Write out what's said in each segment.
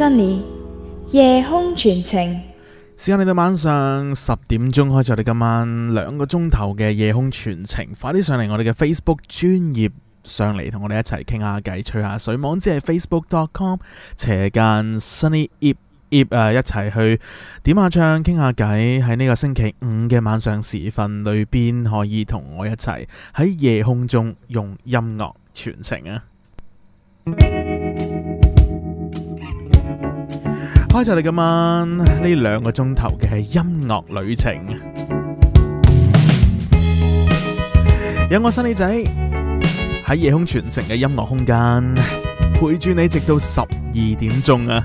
Sunny 夜空傳情。時間嚟到晚上十點鐘開始，我哋今晚兩個鐘頭嘅夜空傳情，快啲上嚟我哋嘅 Facebook 專頁上嚟，同我哋一齊傾下偈，吹下水。網址係 facebook.com 斜間 Sunny Ip Ip，誒，一齊去點下唱，傾下偈，喺呢個星期五嘅晚上時分裏邊，可以同我一齊喺夜空中用音樂傳情啊！ 開晒你今晚呢兩個鐘頭嘅音樂旅程，有我 Sunny 仔喺夜空傳情嘅音樂空間，陪住你直到十二點鐘啊！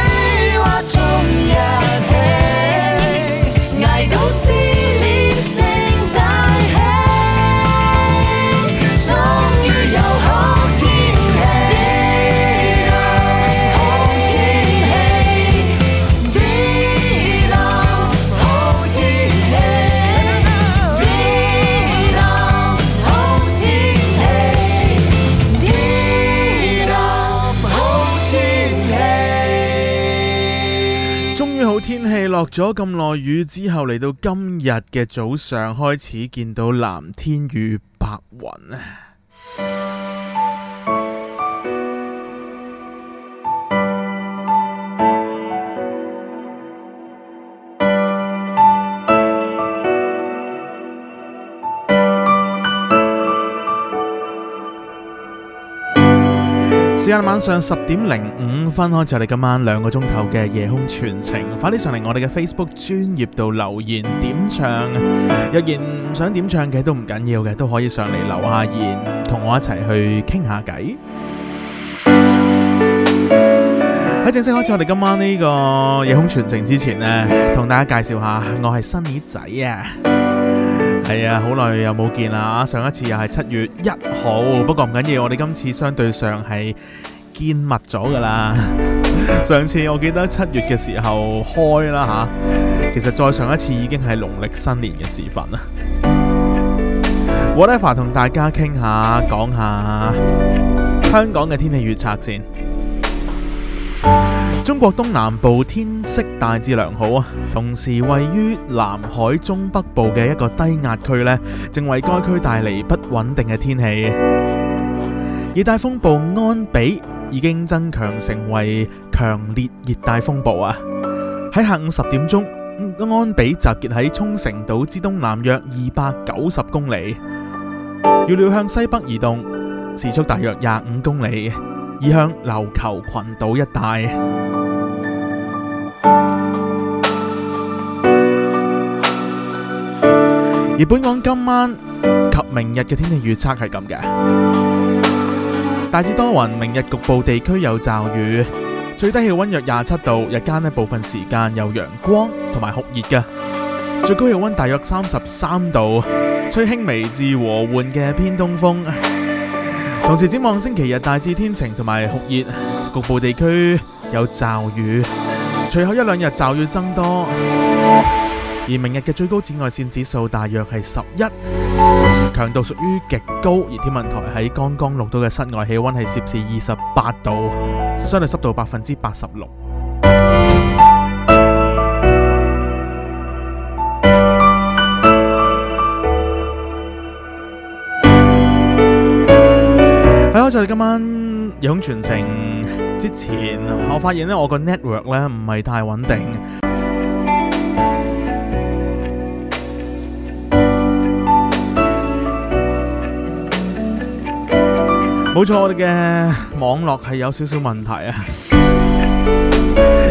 落咗咁耐雨之後，嚟到今日嘅早上開始見到藍天與白雲。 時間晚上十點零五分，開始我哋今晚兩個鐘頭嘅夜空傳情，快啲上嚟我哋嘅 Facebook 專頁度留言點唱。若然唔想點唱嘅都唔緊要嘅，都可以上嚟留下言，同我一齊去傾下偈。喺正式開始我哋今晚呢個夜空傳情之前呢，同大家介紹下，我係 Sunny 仔啊！係啊，好耐又冇見啦，上一次又係七月一號，不過唔緊要，我哋今次相對上係見密咗噶啦。 上次我記得七月嘅時候開啦吓，其實再上一次已經係農曆新年嘅時分啦。我呢 r 同大家傾下講下香港嘅天氣預測先。中國東南部天色大致良好啊，同時位於南海中北部嘅一個低壓區呢，正為該區帶嚟不穩定嘅天氣。熱帶風暴安比已經增強成為強烈熱帶風暴啊！喺下午十點鐘，安比集結喺沖繩島之東南約二百九十公里，預料向西北移動，時速大約廿五公里。以向琉球群島一帶。而本港今晚及明日嘅天氣預測係咁嘅，大致多雲，明日局部地區有驟雨，最低氣溫約廿七度，日間呢部分時間有陽光同埋酷熱嘅，最高氣溫大約三十三度，吹輕微至和緩嘅偏東風。同時展望星期日大致天晴，同埋酷熱，局部地區有驟雨。隨後一兩日驟雨增多，而明日嘅最高紫外線指數大約係十一，強度屬於極高。而天文台喺剛剛錄到嘅室外氣溫係攝氏二十八度，相對濕度百分之八十六。在今晚用全程之前，我發現咧我個 network 咧唔係太穩定。冇錯，我哋嘅網絡係有少少問題啊！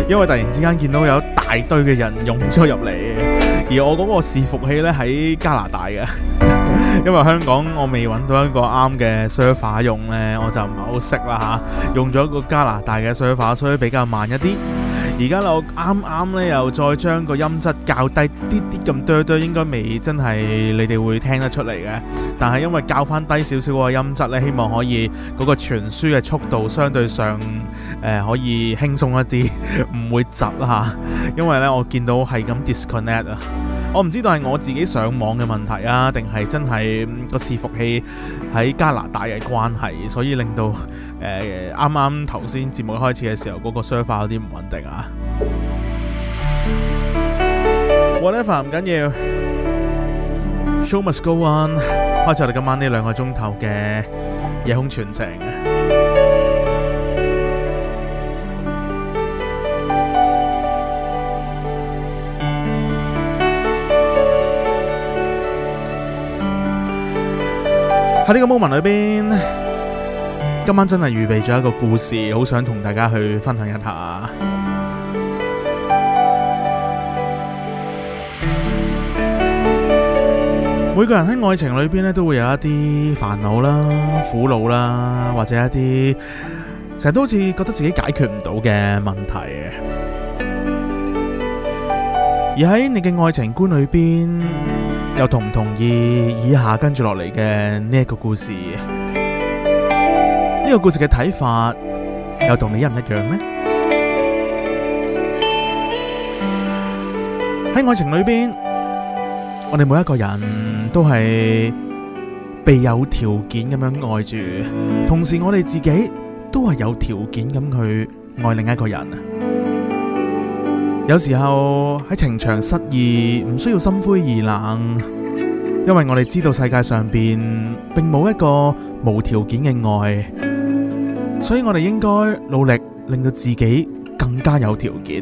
因為突然之間見到有大堆嘅人湧咗入嚟，而我嗰個伺服器咧喺加拿大嘅。因為香港我未揾到一個啱嘅 server 用呢，我就唔係好識啦吓。用咗個加拿大嘅 server，所以比較慢一啲。而家我啱啱呢，又再將個音質較低啲啲咁哆哆，應該未真係你哋會聽得出嚟嘅。但係因為較翻低少少個音質呢，希望可以嗰個傳輸嘅速度相對上誒、呃、可以輕鬆一啲，唔會窒啦吓。因為呢，我見到係咁 disconnect 啊。我唔知道係我自己上網嘅問題啊，定係真係個伺服器喺加拿大嘅關係，所以令到誒啱啱頭先節目開始嘅時候嗰個 server 有啲唔穩定啊。Whatever 唔緊要，show must go on，開始我哋今晚呢兩個鐘頭嘅夜空傳情。喺呢個 moment 裏邊，今晚真係預備咗一個故事，好想同大家去分享一下。每個人喺愛情裏邊咧，都會有一啲煩惱啦、苦惱啦，或者一啲成日都好似覺得自己解決唔到嘅問題。而喺你嘅愛情觀裏邊，又同唔同意以下跟住落嚟嘅呢一個故事？呢個故事嘅睇法又同你一唔一樣咩？喺愛情裏邊，我哋每一個人都係被有條件咁樣愛住，同時我哋自己都係有條件咁去愛另一個人。有時候喺情場失意，唔需要心灰意冷，因為我哋知道世界上邊並冇一個無條件嘅愛，所以我哋應該努力令到自己更加有條件。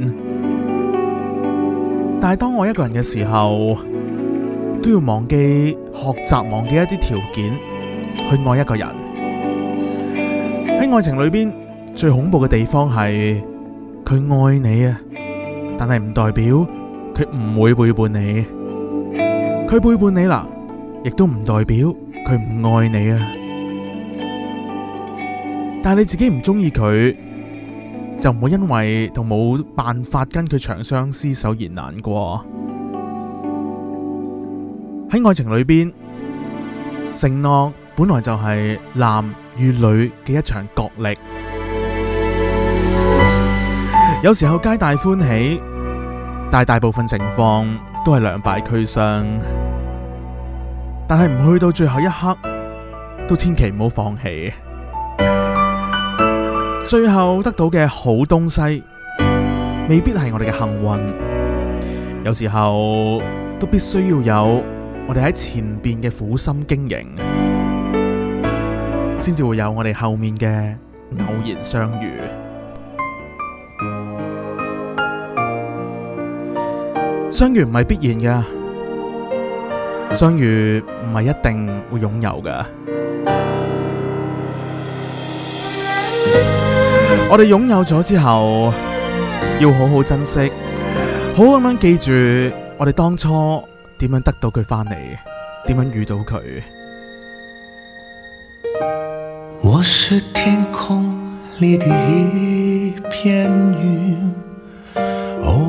但係當愛一個人嘅時候，都要忘記學習，忘記一啲條件去愛一個人。喺愛情裏邊最恐怖嘅地方係佢愛你啊！但係唔代表佢唔會背叛你，佢背叛你啦，亦都唔代表佢唔愛你啊！但係你自己唔中意佢，就唔會因為同冇辦法跟佢長相廝守而難過。喺愛情裏邊，承諾本來就係男與女嘅一場角力，有時候皆大歡喜。但大部分情況都係兩敗俱傷，但係唔去到最後一刻，都千祈唔好放棄。最後得到嘅好東西，未必係我哋嘅幸運，有時候都必須要有我哋喺前邊嘅苦心經營，先至會有我哋後面嘅偶然相遇。相遇唔係必然嘅，相遇唔係一定會擁有嘅。我哋擁有咗之後，要好好珍惜，好好咁樣記住我哋當初點樣得到佢翻嚟，點樣遇到佢。我是天空裏的一片雲。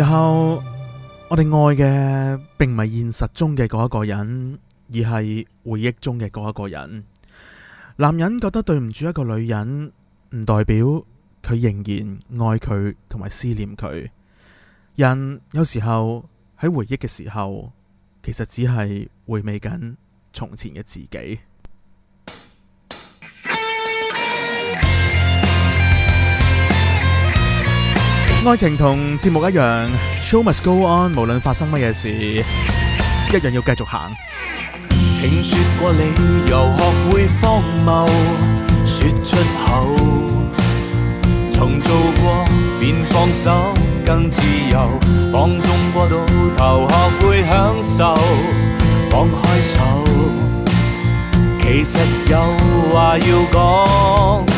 時候，我哋愛嘅並唔係現實中嘅嗰一個人，而係回憶中嘅嗰一個人。男人覺得對唔住一個女人，唔代表佢仍然愛佢同埋思念佢。人有時候喺回憶嘅時候，其實只係回味緊從前嘅自己。愛情同節目一樣，Show must go on，無論發生乜嘢事，一樣要繼續行。聽說過理由，學會荒謬，說出口。重做過便放手，更自由。放縱過到頭，學會享受，放開手。其實有話要講。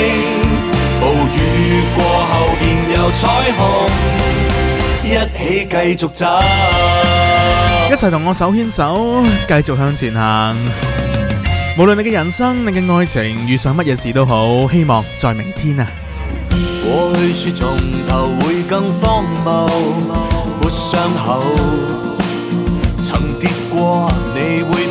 雨過後便有彩虹，一起繼續走，一齊同我手牽手，繼續向前行。無論你嘅人生，你嘅愛情遇上乜嘢事都好，希望在明天啊。過去說從頭會更荒謬，冇傷口，曾跌過，你會。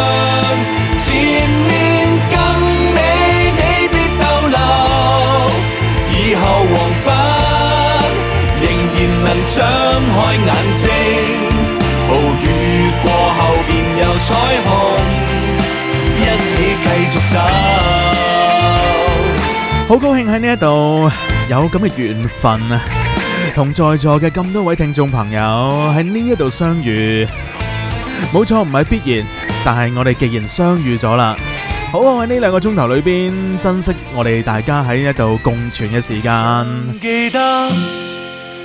張開眼睛，暴雨過後便有彩虹，一起繼續走。好高興喺呢一度有咁嘅緣分啊，同在座嘅咁多位聽眾朋友喺呢一度相遇，冇錯，唔係必然，但係我哋既然相遇咗啦，好，我喺呢兩個鐘頭裏邊珍惜我哋大家喺一度共存嘅時間。記得。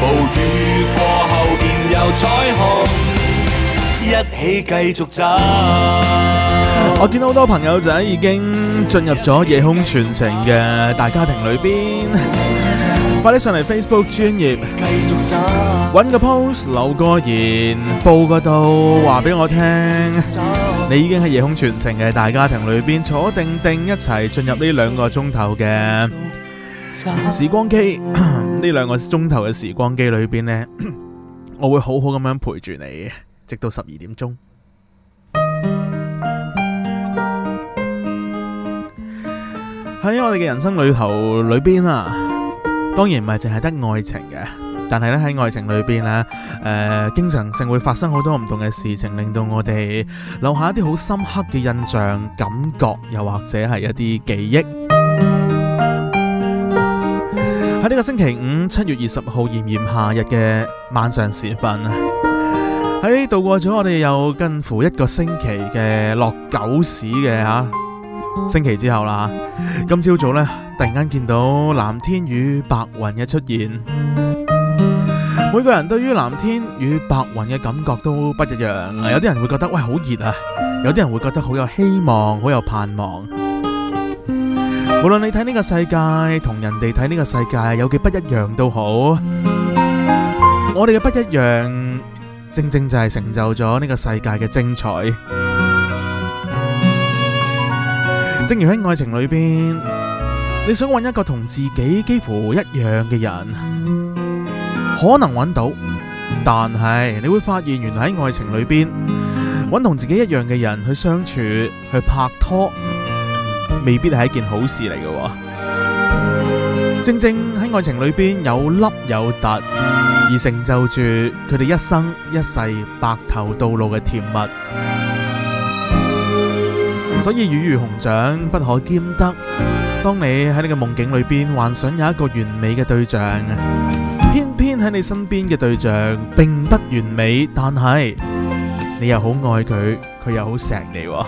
暴雨過後便有彩虹，一起繼續走。我見到好多朋友仔已經進入咗夜空傳情嘅大家庭裏邊，快啲上嚟 Facebook 專頁，揾個 post 留個言，報個到，話俾我聽，你已經喺夜空傳情嘅大家庭裏邊坐定定，一齊進入呢兩個鐘頭嘅。時光機，呢兩個鐘頭嘅時光機裏邊呢，我會好好咁樣陪住你，直到十二點鐘。喺我哋嘅人生旅途裏邊啊，當然唔係淨係得愛情嘅，但係咧，喺愛情裏邊啊，誒、呃，經常性會發生好多唔同嘅事情，令到我哋留下一啲好深刻嘅印象、感覺，又或者係一啲記憶。喺呢個星期五七月二十號，炎炎夏日嘅晚上時分，喺度過咗我哋有近乎一個星期嘅落狗屎嘅吓星期之後啦，今朝早，早呢，突然間見到藍天與白雲嘅出現，每個人對於藍天與白雲嘅感覺都不一樣。有啲人會覺得喂，好熱啊，有啲人會覺得好有希望，好有盼望。無論你睇呢個世界同人哋睇呢個世界有幾不一樣都好，我哋嘅不一樣正正就係成就咗呢個世界嘅精彩。正如喺愛情裏邊，你想揾一個同自己幾乎一樣嘅人，可能揾到，但係你會發現，原來喺愛情裏邊，揾同自己一樣嘅人去相處、去拍拖。未必係一件好事嚟嘅，正正喺愛情裏邊有凹有凸，而成就住佢哋一生一世白頭到老嘅甜蜜。所以，魚與熊掌不可兼得。當你喺你個夢境裏邊幻想有一個完美嘅對象，偏偏喺你身邊嘅對象並不完美，但係你又好愛佢，佢又好錫你，啊。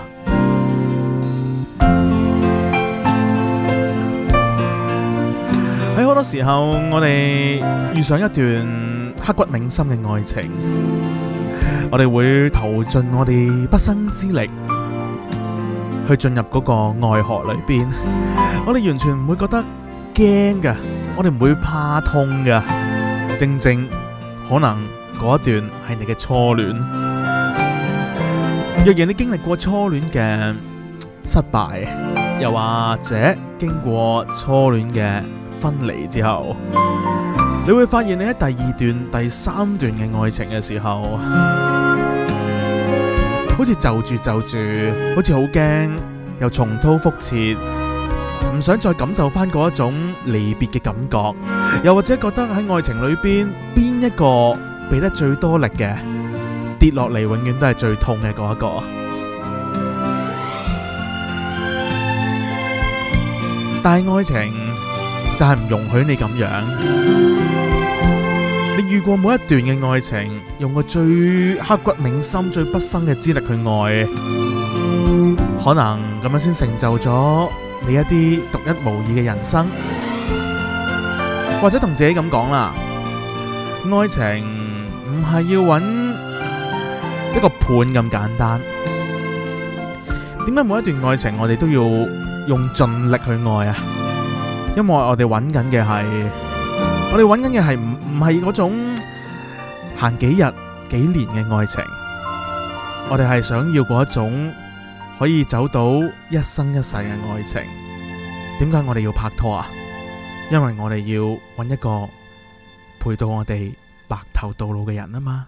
有時候我哋遇上一段刻骨銘心嘅愛情，我哋會投盡我哋畢生之力去進入嗰個愛河裏邊。我哋完全唔會覺得驚㗎，我哋唔會怕痛㗎。正正可能嗰一段係你嘅初戀。若然你經歷過初戀嘅失敗，又或者經過初戀嘅……分離之後，你會發現你喺第二段、第三段嘅愛情嘅時候，好似就住就住，好似好驚，又重蹈覆轍，唔想再感受返嗰一種離別嘅感覺，又或者覺得喺愛情裏邊邊一個俾得最多力嘅，跌落嚟永遠都係最痛嘅嗰一個，但係愛情。但係唔容許你咁樣。你遇過每一段嘅愛情，用個最刻骨銘心、最不生嘅之力去愛，可能咁樣先成就咗你一啲獨一無二嘅人生。或者同自己咁講啦，愛情唔係要揾一個伴咁簡單。點解每一段愛情，我哋都要用盡力去愛啊？因為我哋揾緊嘅係，我哋揾緊嘅係唔唔係嗰種行幾日、幾年嘅愛情，我哋係想要嗰一種可以走到一生一世嘅愛情。點解我哋要拍拖啊？因為我哋要揾一個陪到我哋白頭到老嘅人啊嘛。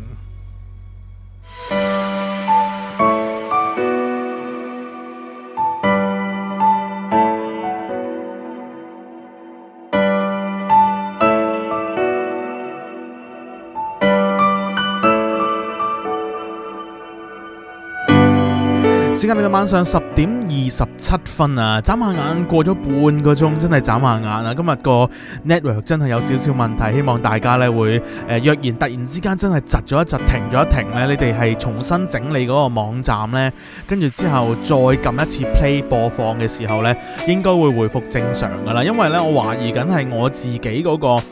今日晚上十點二十七分啊！眨下眼過咗半個鐘，真係眨下眼啊！今日個 network 真係有少少問題，希望大家呢會誒、呃、若然突然之間真係窒咗一窒，停咗一停呢，你哋係重新整理嗰個網站呢，跟住之後再撳一次 play 播放嘅時候呢，應該會回復正常噶啦。因為呢，我懷疑緊係我自己嗰、那個誒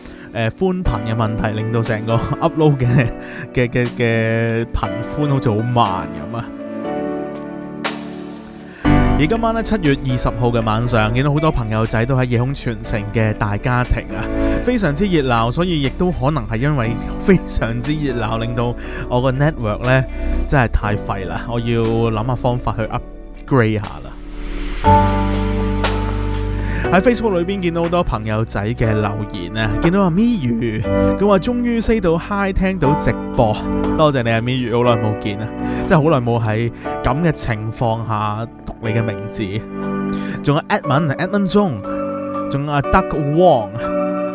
寬頻嘅問題，令到成個 upload 嘅嘅嘅嘅頻寬好似好慢咁啊！而今晚咧七月二十號嘅晚上，見到好多朋友仔都喺夜空傳情嘅大家庭啊，非常之熱鬧，所以亦都可能係因為非常之熱鬧，令到我個 network 呢真係太廢啦，我要諗下方法去 upgrade 下啦。喺 Facebook 裏邊見到好多朋友仔嘅留言啊！見到阿咪魚，佢話終於 say 到 Hi，聽到直播，多謝你啊！咪魚好耐冇見啊，真係好耐冇喺咁嘅情況下讀你嘅名字，仲有 Edmond，Edmond 中，仲有阿 Duck Wong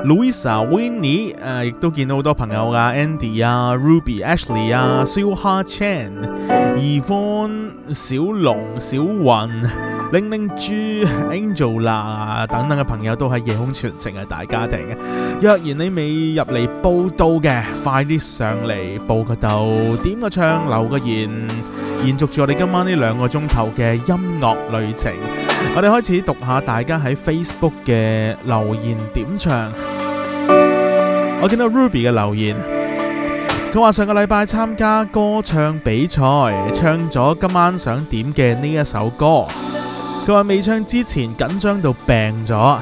Louisa Winnie，亦、呃、都見到好多朋友㗎，Andy 啊、Ruby Ashley 啊、Suha Chan、Evan 小龍、小雲、玲玲豬 Angela 啊等等嘅朋友都喺夜空傳情嘅大家庭。若然你未入嚟報到嘅，快啲上嚟報個到，點個唱，留個言。延續住我哋今晚呢兩個鐘頭嘅音樂旅程，我哋開始讀下大家喺 Facebook 嘅留言點唱。我見到 Ruby 嘅留言，佢話上個禮拜參加歌唱比賽，唱咗今晚想點嘅呢一首歌。佢話未唱之前緊張到病咗，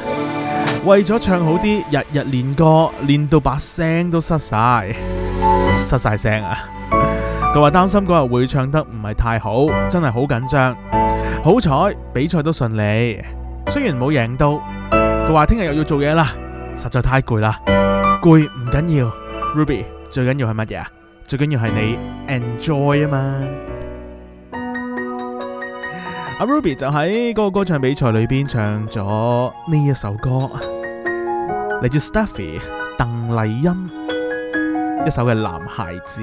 為咗唱好啲，日日練歌，練到把聲都失晒，失晒聲啊！佢話擔心嗰日會唱得唔係太好，真係好緊張。好彩比賽都順利，雖然冇贏到。佢話聽日又要做嘢啦，實在太攰啦。攰唔緊要，Ruby 最緊要係乜嘢啊？最緊要係你 enjoy 啊嘛。阿 Ruby 就喺嗰個歌唱比賽裏邊唱咗呢一首歌，嚟自 Stephy 鄧麗欣，一首嘅《男孩子》。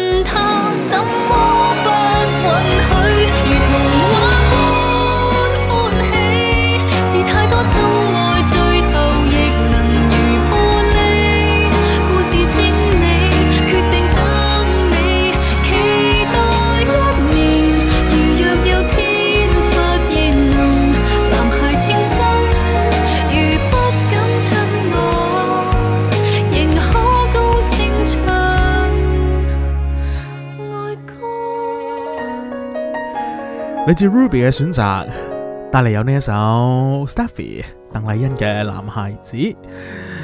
嚟自 Ruby 嘅選擇，帶嚟有呢一首 Stephy 鄧麗欣嘅《男孩子》。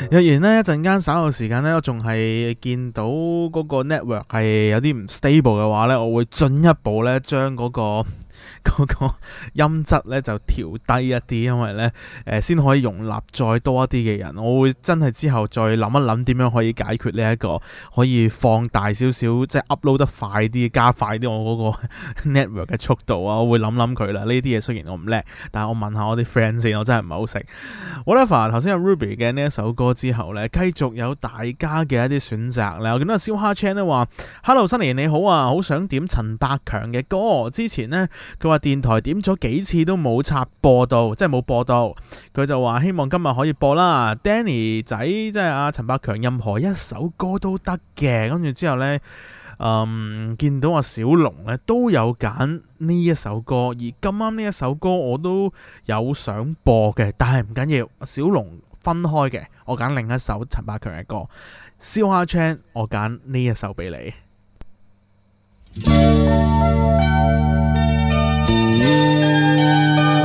若然呢一陣間稍後時間呢，我仲係見到嗰個 network 係有啲唔 stable 嘅話呢，我會進一步呢，將嗰、那個。嗰 個音質咧就調低一啲，因為咧、呃、先可以容納再多一啲嘅人。我會真係之後再諗一諗點樣可以解決呢、這、一個可以放大少少，即係 upload 得快啲、加快啲我嗰個 network 嘅速度啊！我會諗諗佢啦。呢啲嘢雖然我唔叻，但係我問下我啲 friend 先，我真係唔係好識。好啦，r 頭先有 Ruby 嘅呢一首歌之後咧，繼續有大家嘅一啲選擇啦。我見到燒蝦 Chan 咧話：Hello，Sunny 你好啊！好想點陳百強嘅歌。之前呢。話電台點咗幾次都冇插播到，即係冇播到。佢就話希望今日可以播啦。Danny 仔，即係阿陳百強，任何一首歌都得嘅。跟住之後呢，嗯，見到阿小龍呢都有揀呢一首歌，而咁啱呢一首歌我都有想播嘅，但係唔緊要。小龍分開嘅，我揀另一首陳百強嘅歌。燒蝦 chan，我揀呢一首俾你。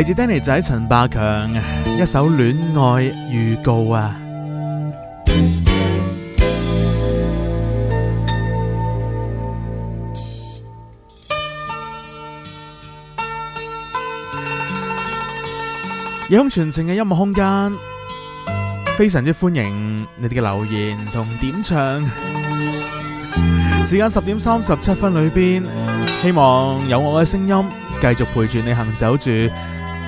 嚟自 Danny 仔陳百強一首《戀愛預告》啊！夜空傳情嘅音樂空間，非常之歡迎你哋嘅留言同點唱。時間十點三十七分裏邊，希望有我嘅聲音繼續陪住你行走住。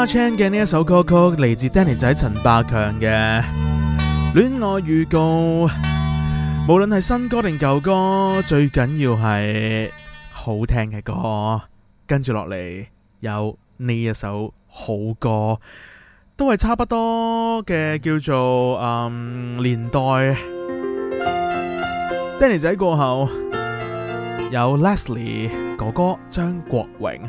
阿 c 嘅呢一首歌曲嚟自 Danny 仔陳百強嘅《戀愛預告》，無論係新歌定舊歌，最緊要係好聽嘅歌。跟住落嚟有呢一首好歌，都係差不多嘅叫做誒、嗯、年代。 Danny 仔過後有 Leslie 哥哥張國榮。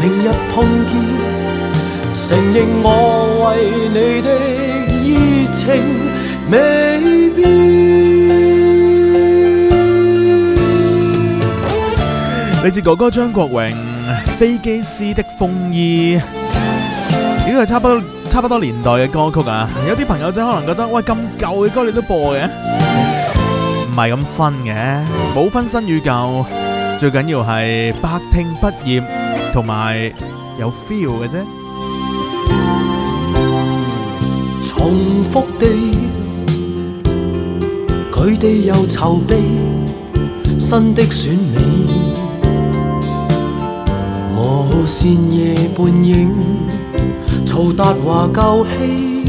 明日碰見承認我為你的情未你志，哥哥張國榮《飛機師的風衣》，亦都係差不多、差不多年代嘅歌曲啊！有啲朋友仔可能覺得，喂，咁舊嘅歌你都播嘅？唔係咁分嘅，冇分新與舊，最緊要係百聽不厭。同埋有 feel 嘅啫。重複地，佢哋又籌備新的選美，無線夜半影嘈達華舊戲，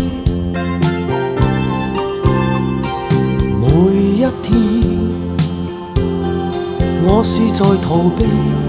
每一天我是在逃避。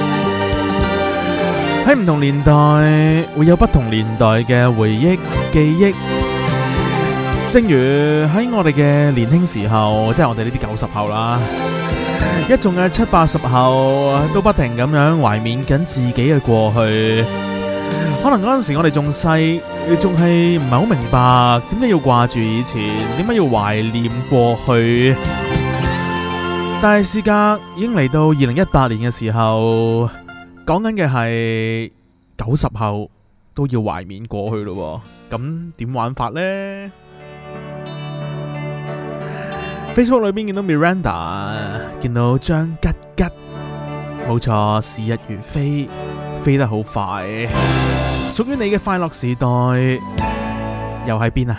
喺唔同年代會有不同年代嘅回憶記憶，正如喺我哋嘅年輕時候，即係我哋呢啲九十後啦，一眾嘅七八十後都不停咁樣懷緬緊自己嘅過去。可能嗰陣時我哋仲細，仲係唔係好明白點解要掛住以前，點解要懷念過去。但係事隔已經嚟到二零一八年嘅時候。講緊嘅係九十後都要懷緬過去咯，咁點玩法呢？Facebook 裏面見到 Miranda，見到張吉吉，冇錯，時日如飛，飛得好快，屬於你嘅快樂時代又喺邊啊！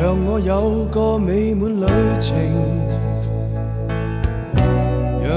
讓我有個美滿旅程。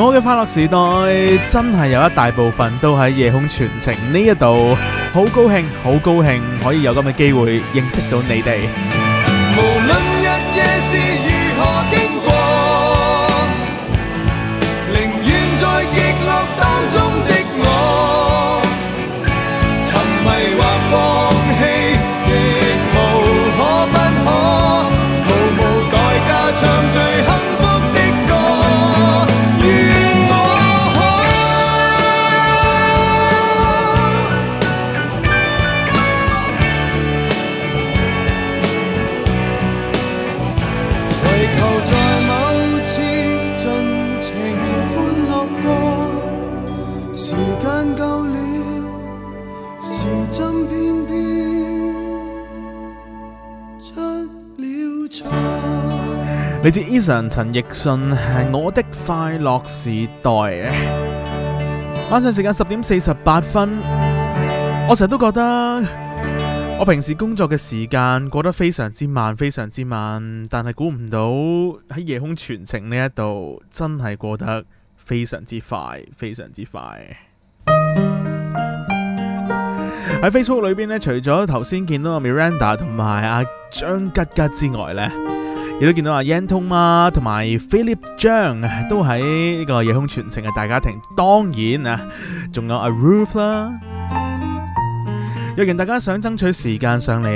我嘅快樂時代真係有一大部分都喺夜空傳情呢一度，好高興，好高興可以有咁嘅機會認識到你哋。無論日夜你知 Eason 陳奕迅係我的快樂時代。晚上時間十點四十八分，我成日都覺得我平時工作嘅時間過得非常之慢，非常之慢。但係估唔到喺夜空全程呢一度，真係過得非常之快，非常之快。喺 Facebook 裏邊呢，除咗頭先見到阿 Miranda 同埋阿張吉吉之外呢。亦都見到阿 Yan Tong 啊，同埋 Philip Zhang、啊、都喺呢個夜空傳承傳情嘅大家庭，當然啊，仲有阿 Roof 啦、啊。最近大家想爭取時間上嚟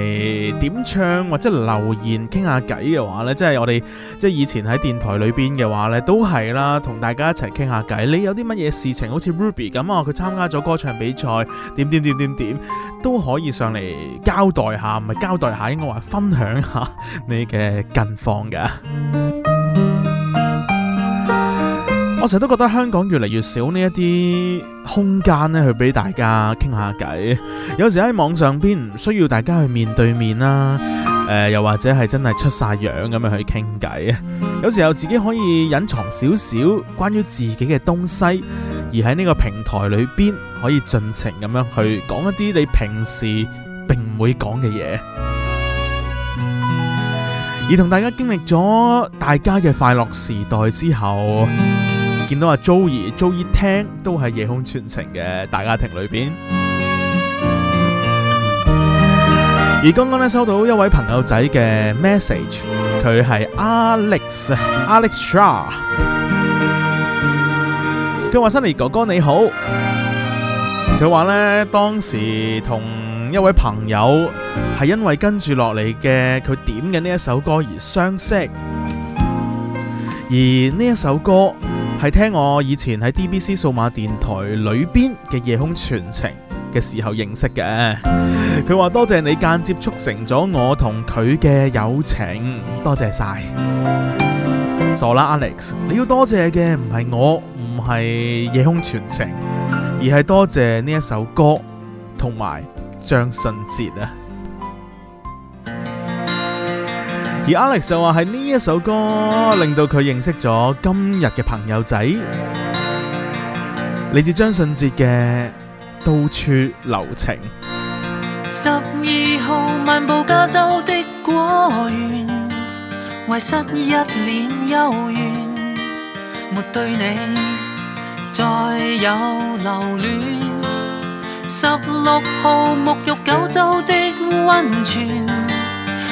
點唱或者留言傾下偈嘅話呢，即係我哋即係以前喺電台裏邊嘅話呢都係啦，同大家一齊傾下偈。你有啲乜嘢事情，好似 Ruby 咁啊，佢參加咗歌唱比賽，點點點點點，都可以上嚟交代下，唔係交代下應該話分享下你嘅近況㗎。我成日都覺得香港越嚟越少這些呢一啲空間咧,去俾大家傾下偈。有時喺網上邊，唔需要大家去面對面啦，啊。誒、呃，又或者係真係出晒樣咁樣去傾偈。有時候自己可以隱藏少少關於自己嘅東西，而喺呢個平台裏邊，可以盡情咁樣去講一啲你平時並唔會講嘅嘢。而同大家經歷咗大家嘅快樂時代之後。見到阿 Joey，Joey 聽都係夜空傳情嘅大家庭裏邊。而剛剛咧收到一位朋友仔嘅 message，佢係 Alex，Alex Char。佢話：Sunny 哥哥你好。佢話呢當時同一位朋友係因為跟住落嚟嘅佢點嘅呢一首歌而相識，而呢一首歌。係聽我以前喺 DBC 數碼電台裏邊嘅夜空傳情嘅時候認識嘅，佢話多謝你間接促成咗我同佢嘅友情，多謝晒。傻啦 Alex，你要多謝嘅唔係我，唔係夜空傳情，而係多謝呢一首歌同埋張信哲啊。而 Alex 就話係呢一首歌令到佢認識咗今日嘅朋友仔，嚟自張信哲嘅《到處留情》。十二號漫步加州的果園，遺失一臉幽怨，沒對你再有留戀。十六號沐浴九州的溫泉。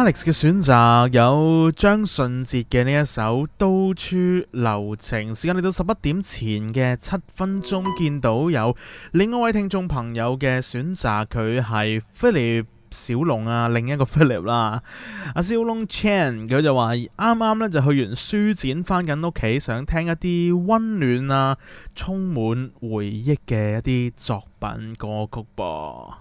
Alex 嘅選擇有張信哲嘅呢一首《到處留情》，時間嚟到十一點前嘅七分鐘，見到有另外一位聽眾朋友嘅選擇，佢係 Philip 小龍啊，另一個 Philip 啦、啊，阿、啊、小龍 Chan 佢就話啱啱呢就去完書展，翻緊屋企，想聽一啲溫暖啊、充滿回憶嘅一啲作品歌曲噃、啊。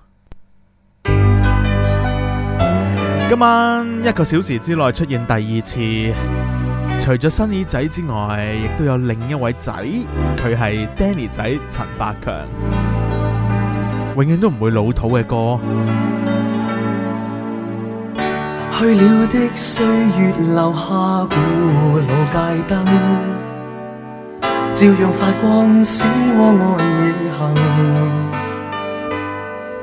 今晚一個小時之內出現第二次，除咗新耳仔之外，亦都有另一位是仔，佢係 Danny 仔陳百強，永遠都唔會老土嘅歌。去了的歲月留下古老街燈，照樣發光，使我愛夜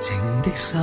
行，情的心。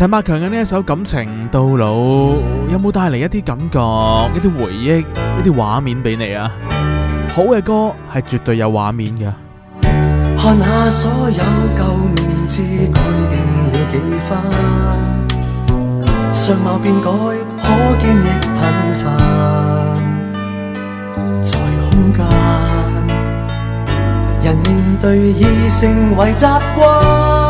陳百強嘅呢一首《感情到老》，有冇帶嚟一啲感覺、一啲回憶、一啲畫面俾你啊？好嘅歌係絕對有畫面嘅。看下所有舊名字改變了幾番，相貌變改，可見亦頻繁。在空間，人面對異性為習慣。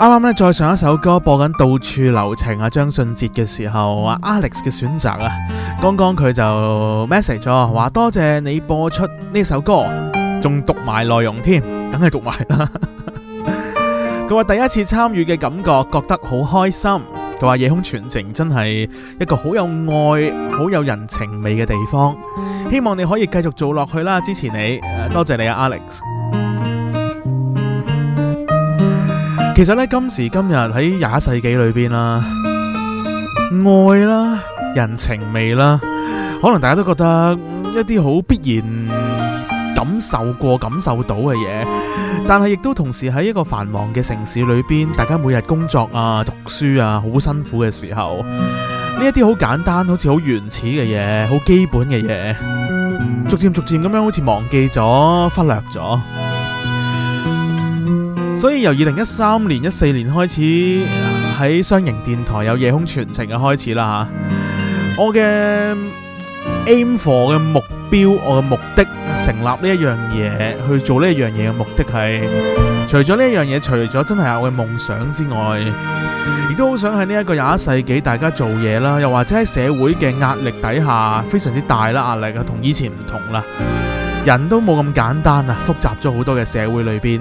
啱啱咧，再上一首歌播緊《到處留情》啊，張信哲嘅時候啊，Alex 嘅選擇啊，剛剛佢就 message 咗，話多謝你播出呢首歌，仲讀埋內容添，梗係讀埋啦。佢 話第一次參與嘅感覺，覺得好開心。佢話夜空傳情真係一個好有愛、好有人情味嘅地方，希望你可以繼續做落去啦，支持你，多謝你啊，Alex。其實咧，今時今日喺廿一世紀裏邊啦、啊，愛啦、人情味啦，可能大家都覺得一啲好必然感受過、感受到嘅嘢，但係亦都同時喺一個繁忙嘅城市裏邊，大家每日工作啊、讀書啊，好辛苦嘅時候，呢一啲好簡單、好似好原始嘅嘢、好基本嘅嘢，逐漸、逐漸咁樣好似忘記咗、忽略咗。所以由二零一三年、一四年開始喺商營電台有夜空傳情嘅開始啦，我嘅 aim for 嘅目標，我嘅目的成立呢一樣嘢去做呢一樣嘢嘅目的係，除咗呢一樣嘢，除咗真係我嘅夢想之外，亦都好想喺呢一個廿一世紀大家做嘢啦，又或者喺社會嘅壓力底下非常之大啦，壓力啊同以前唔同啦，人都冇咁簡單啦，複雜咗好多嘅社會裏邊。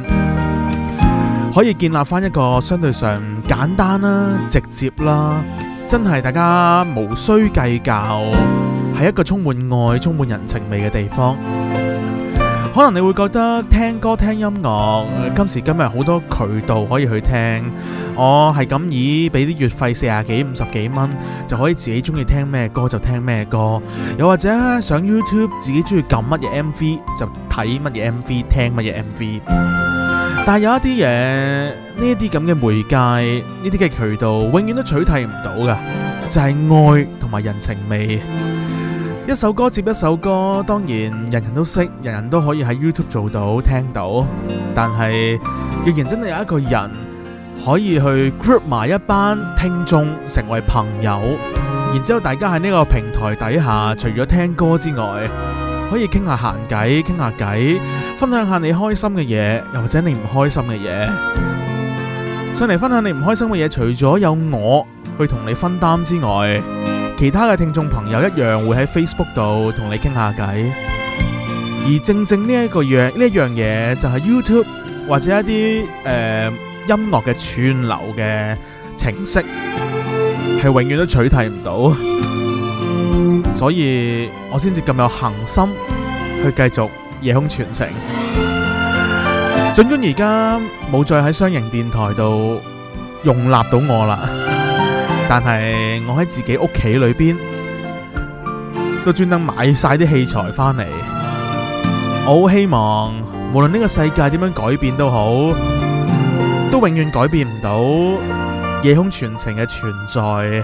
可以建立翻一個相對上簡單啦、啊、直接啦、啊，真係大家無需計較，係一個充滿愛、充滿人情味嘅地方。可能你會覺得聽歌聽音樂，今時今日好多渠道可以去聽。我係咁以俾啲月費四十幾、五十幾蚊，就可以自己中意聽咩歌就聽咩歌，又或者上 YouTube 自己中意撳乜嘢 MV 就睇乜嘢 MV、聽乜嘢 MV。但有一啲嘢，呢啲咁嘅媒介，呢啲嘅渠道，永遠都取替唔到噶，就係愛同埋人情味。一首歌接一首歌，當然人人都識，人人都可以喺 YouTube 做到聽到。但係，若然真係有一個人可以去 group 埋一班聽眾成為朋友，然之後大家喺呢個平台底下，除咗聽歌之外，可以傾下閒偈，傾下偈，分享下你開心嘅嘢，又或者你唔開心嘅嘢。上嚟分享你唔開心嘅嘢，除咗有我去同你分擔之外，其他嘅聽眾朋友一樣會喺 Facebook 度同你傾下偈。而正正呢一個樣呢一樣嘢，這個、就係 YouTube 或者一啲誒、呃、音樂嘅串流嘅程式，係永遠都取替唔到。所以我先至咁有恆心去繼續夜空傳情，儘管而家冇再喺商業電台度容納到我啦，但係我喺自己屋企裏邊都專登買晒啲器材翻嚟，我好希望無論呢個世界點樣改變都好，都永遠改變唔到夜空傳情嘅存在。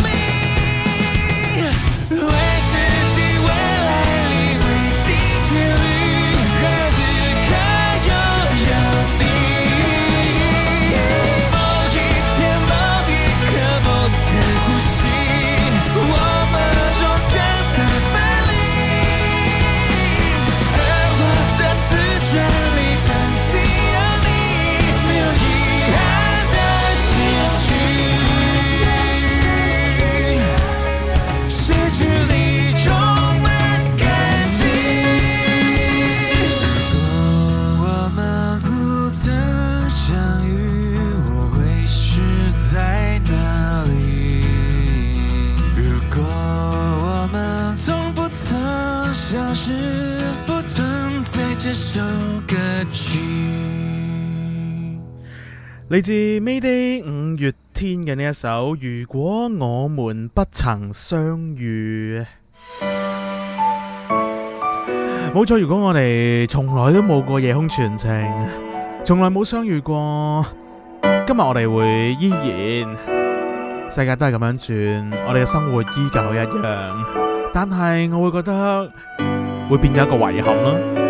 嚟自 Mayday 五月天嘅呢一首《如果我們不曾相遇》，冇錯，如果我哋從來都冇過夜空傳情，從來冇相遇過，今日我哋會依然，世界都係咁樣轉，我哋嘅生活依舊一樣，但係我會覺得會變咗一個遺憾咯。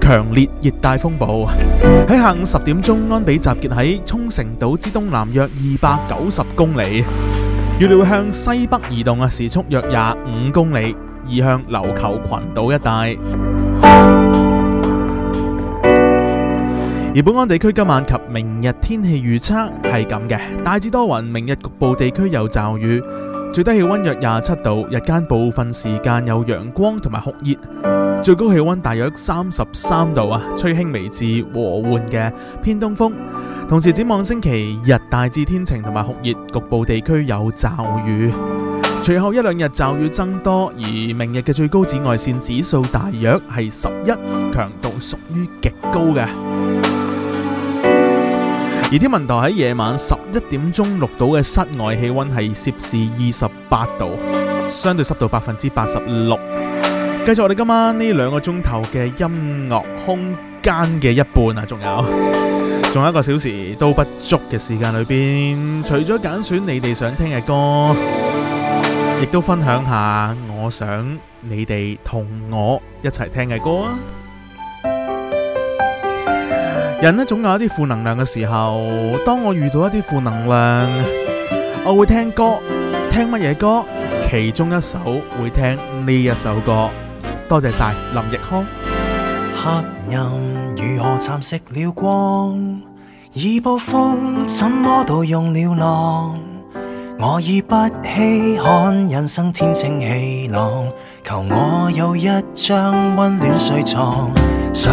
強烈熱帶風暴喺下午十點鐘，安比集結喺沖繩島之東南約二百九十公里，預料向西北移動啊，時速約廿五公里，移向琉球群島一帶。而本安地區今晚及明日天氣預測係咁嘅，大致多雲，明日局部地區有驟雨。最低氣溫約廿七度，日間部分時間有陽光同埋酷熱，最高氣溫大約三十三度啊，吹輕微至和緩嘅偏東風。同時展望星期日大致天晴同埋酷熱，局部地區有驟雨，隨後一兩日驟雨增多，而明日嘅最高紫外線指數大約係十一，強度屬於極高嘅。而天文台喺夜晚十一點鐘錄到嘅室外氣溫係攝氏二十八度，相對濕度百分之八十六。繼續我哋今晚呢兩個鐘頭嘅音樂空間嘅一半啊，仲有仲有一個小時都不足嘅時間裏邊，除咗揀選你哋想聽嘅歌，亦都分享下我想你哋同我一齊聽嘅歌啊！人呢，總有一啲負能量嘅時候，當我遇到一啲負能量，我會聽歌，聽乜嘢歌？其中一首會聽呢一首歌，多謝晒林奕康。黑暗如何蠶食了光？以暴風怎麼盜用了浪？我已不稀罕人生天清氣朗，求我有一張溫暖睡床。想。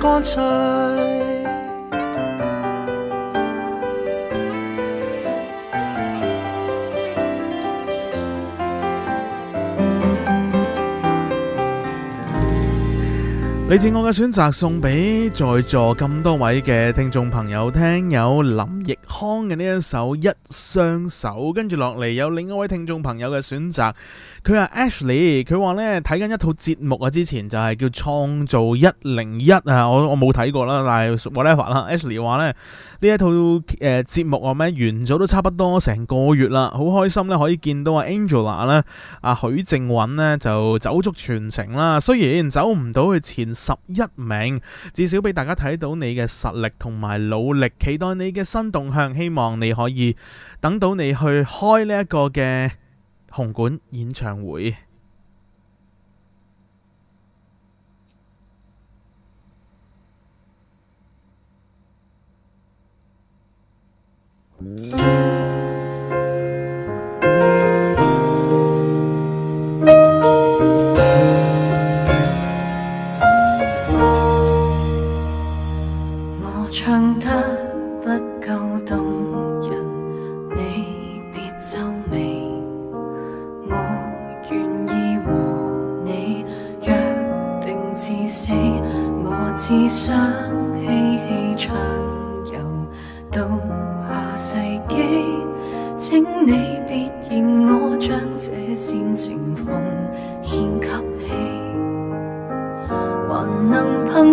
脆你自我嘅選擇，送俾在座咁多位嘅聽眾朋友、聽友，林奕匡嘅呢一首《一雙手》，跟住落嚟有另一位聽眾朋友嘅選擇。佢話 Ashley，佢話呢睇緊一套節目啊，之前就係叫《創造101》啊，我我冇睇過啦，但係 whatever 啦。Ashley 話呢，呢一套節目啊咩，完咗都差不多成個月啦，好開心呢可以見到阿 Angela、啊、呢阿許靖韻呢就走足全程啦。雖然走唔到去前十一名，至少俾大家睇到你嘅實力同埋努力，期待你嘅新動向，希望你可以等到你去開呢一個嘅紅館演唱會。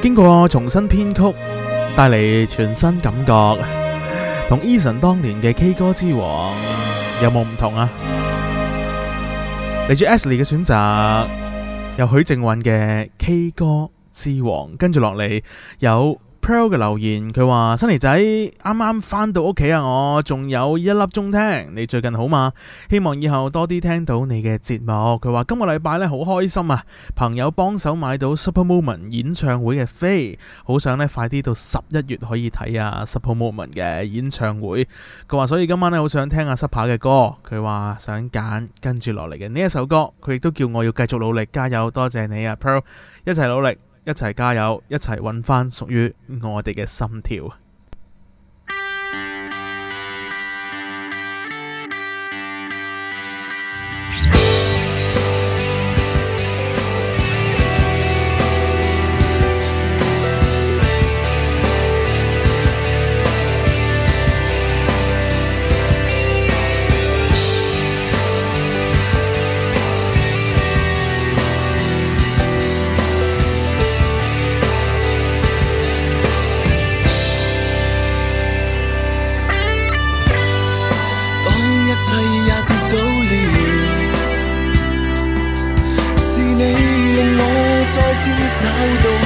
經過重新編曲，帶嚟全新感覺，同 Eason 當年嘅 K 歌之王有冇唔同啊？嚟住 Ashley 嘅選擇，由許靖韻嘅 K 歌。之王跟住落嚟有 Pro 嘅留言，佢話 Sunny 仔啱啱翻到屋企啊，我仲有一粒鐘聽你最近好嗎？希望以後多啲聽到你嘅節目。佢話今個禮拜呢，好開心啊，朋友幫手買到 Super Moment 演唱會嘅飛，好想呢快啲到十一月可以睇啊 Super Moment 嘅演唱會。佢話所以今晚呢，好想聽阿、啊、Super 嘅歌，佢話想揀跟住落嚟嘅呢一首歌，佢亦都叫我要繼續努力，加油，多謝你啊 Pro 一齊努力。一齊加油，一齊揾返屬於我哋嘅心跳。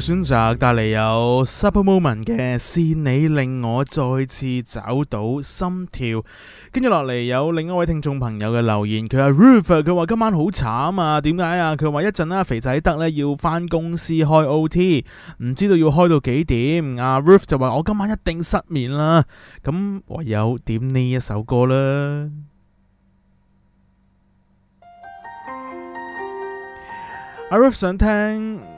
選擇帶嚟有 Supper Moment 嘅《是你令我再次找到心跳》，跟住落嚟有另外一位聽眾朋友嘅留言，佢阿 Ruth 佢話今晚好慘啊，點解啊？佢話一陣啦，肥仔德呢要返公司開 OT，唔知道要開到幾點。阿 Ruth 就話我今晚一定失眠啦，咁唯有點呢一首歌啦。阿 Ruth 想聽。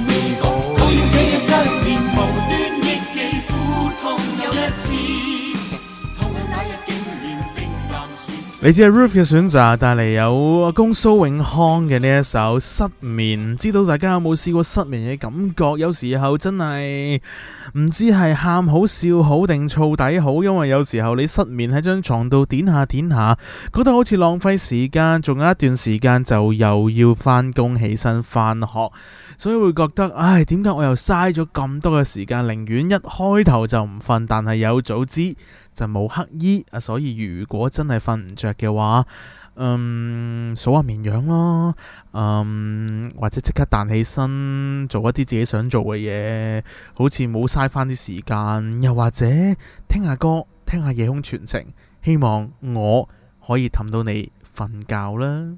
你知係 Roof 嘅選擇帶嚟有阿公蘇永康嘅呢一首失眠，唔知道大家有冇試過失眠嘅感覺？有時候真係唔知係喊好，好、笑好定燥底好，因為有時候你失眠喺張床度點下點下，覺得好似浪費時間，仲有一段時間就又要返工、起身、返學，所以會覺得唉，點解我又嘥咗咁多嘅時間？寧願一開頭就唔瞓，但係有早知。就冇黑衣啊，所以如果真係瞓唔着嘅話，嗯，數下綿羊咯，嗯，或者即刻彈起身做一啲自己想做嘅嘢，好似冇嘥翻啲時間，又或者聽下歌，聽下夜空傳情，希望我可以氹到你瞓覺啦。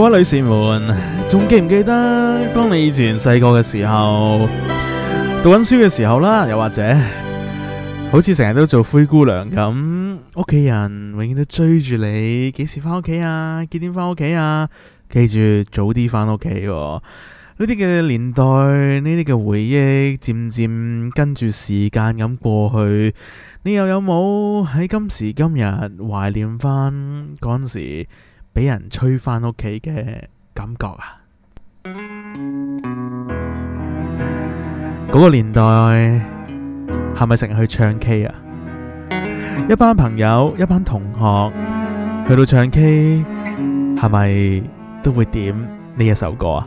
各位女士們，仲記唔記得當你以前細個嘅時候，讀緊書嘅時候啦，又或者好似成日都做灰姑娘咁，屋企人永遠都追住你，幾時翻屋企啊？幾點翻屋企啊？記住早啲翻屋企喎。呢啲嘅年代，呢啲嘅回憶，漸漸跟住時間咁過去，你又有冇喺今時今日懷念翻嗰陣時？俾人吹翻屋企嘅感覺啊！嗰個年代係咪成日去唱 K 啊？一班朋友，一班同學去到唱 K，係咪都會點呢一首歌啊？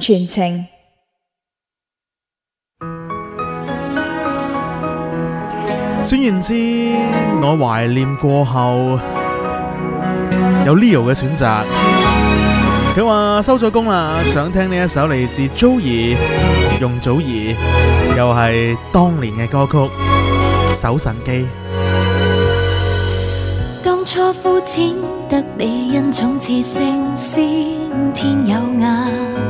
全程。孫燕姿，我懷念過後，有 Leo 嘅選擇。佢話收咗工啦，想聽呢一首嚟自 Joey 容祖兒，又係當年嘅歌曲《守神機》。當初膚淺得你，因寵賜成仙，天有眼。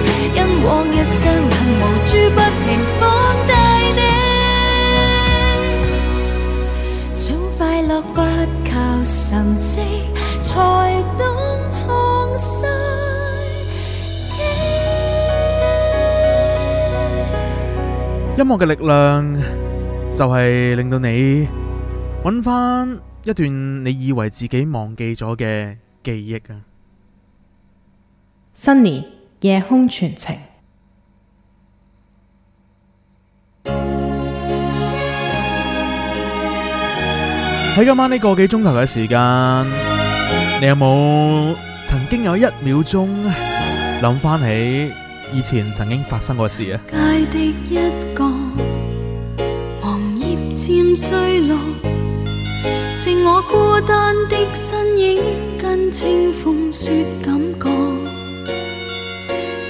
往日雙眼無珠，不停放大你。想快樂不靠神迹，才懂創世紀。音樂嘅力量，就係、是、令到你揾翻一段你以為自己忘記咗嘅記憶。Sunny 夜空傳情。喺今晚呢個幾鐘頭嘅時間，你有冇曾經有一秒鐘諗返起以前曾經發生過的事啊？街的一個黃葉漸衰落，剩我孤單的身影跟清風雪感覺，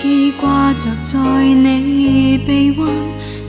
記掛着在你臂彎。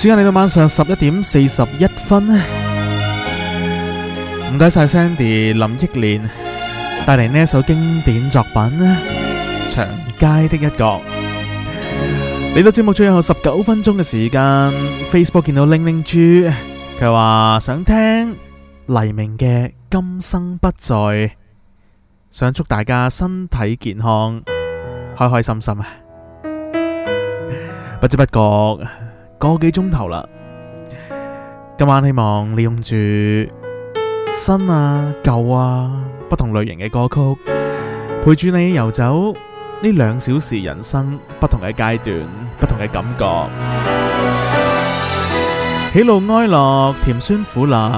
時間嚟到晚上十一點四十一分，啊，唔該晒 Sandy 林憶蓮帶嚟呢一首經典作品，啊《長街的一角》。嚟到節目最後十九分鐘嘅時間，Facebook 見到 ling ling 豬，佢話想聽黎明嘅《今生不再》。想祝大家身體健康，開開心心啊！不知不覺。個幾鐘頭啦，今晚希望利用住新啊、舊啊、不同類型嘅歌曲，陪住你游走呢兩小時人生，不同嘅階段，不同嘅感覺，喜怒哀樂、甜酸苦辣，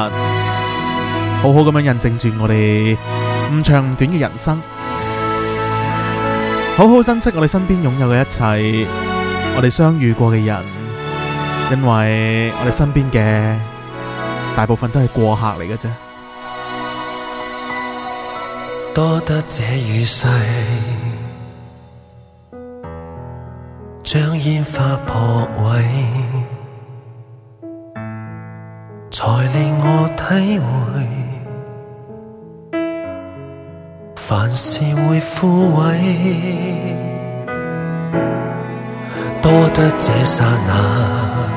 好好咁樣印證住我哋唔長唔短嘅人生，好好珍惜我哋身邊擁有嘅一切，我哋相遇過嘅人。因為我哋身邊嘅大部分都係過客嚟嘅啫。多得這雨勢，將煙花撲毀，才令我體會凡事會枯萎。多得這剎那，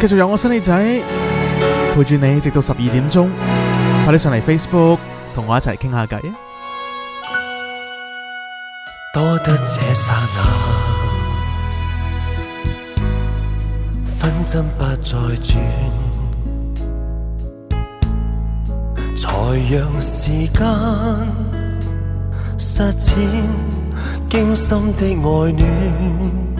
繼續由我新李仔陪住你，直到十二點鐘，快啲上嚟 Facebook 同我一齊傾下偈啊！多得這剎那，分針不再轉，才讓時間實踐驚心的愛戀。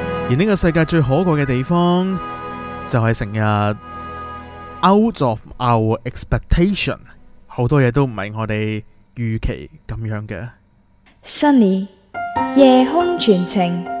而呢個世界最可貴嘅地方，就係成日 out of our expectation，好多嘢都唔係我哋預期咁樣嘅。Sunny，夜空傳情。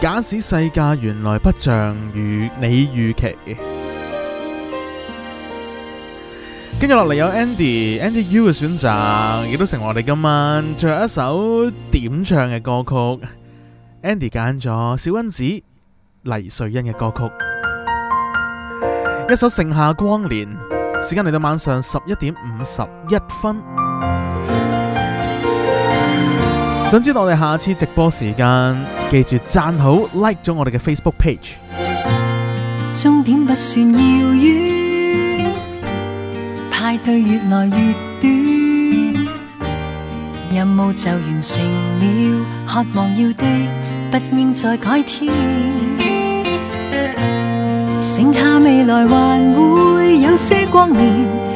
假使世界原來不像與你預期，跟住落嚟有 Andy，Andy U 嘅選擇亦都成為我哋今晚最後一首點唱嘅歌曲。Andy 揀咗小恩子黎瑞恩嘅歌曲，一首《盛夏光年》。時間嚟到晚上十一點五十一分，想知道我哋下次直播時間？記住讚好 like 咗我哋嘅 Facebook page。終點不算遙遠，派對越來越短，任務就完成了。渴望要的，不應再改天。天剩下未來還會有些光年。你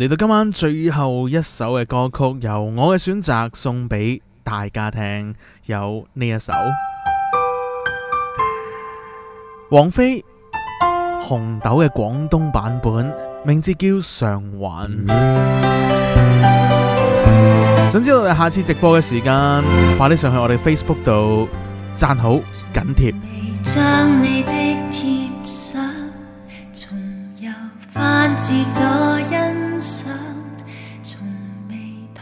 嚟到今晚最後一首嘅歌曲，由我嘅選擇送俾大家聽，有呢一首王菲《紅豆》嘅廣東版本，名字叫《償還》。想知道我哋下次直播嘅時間， 快啲上去我哋 Facebook 度讚好緊貼。你的貼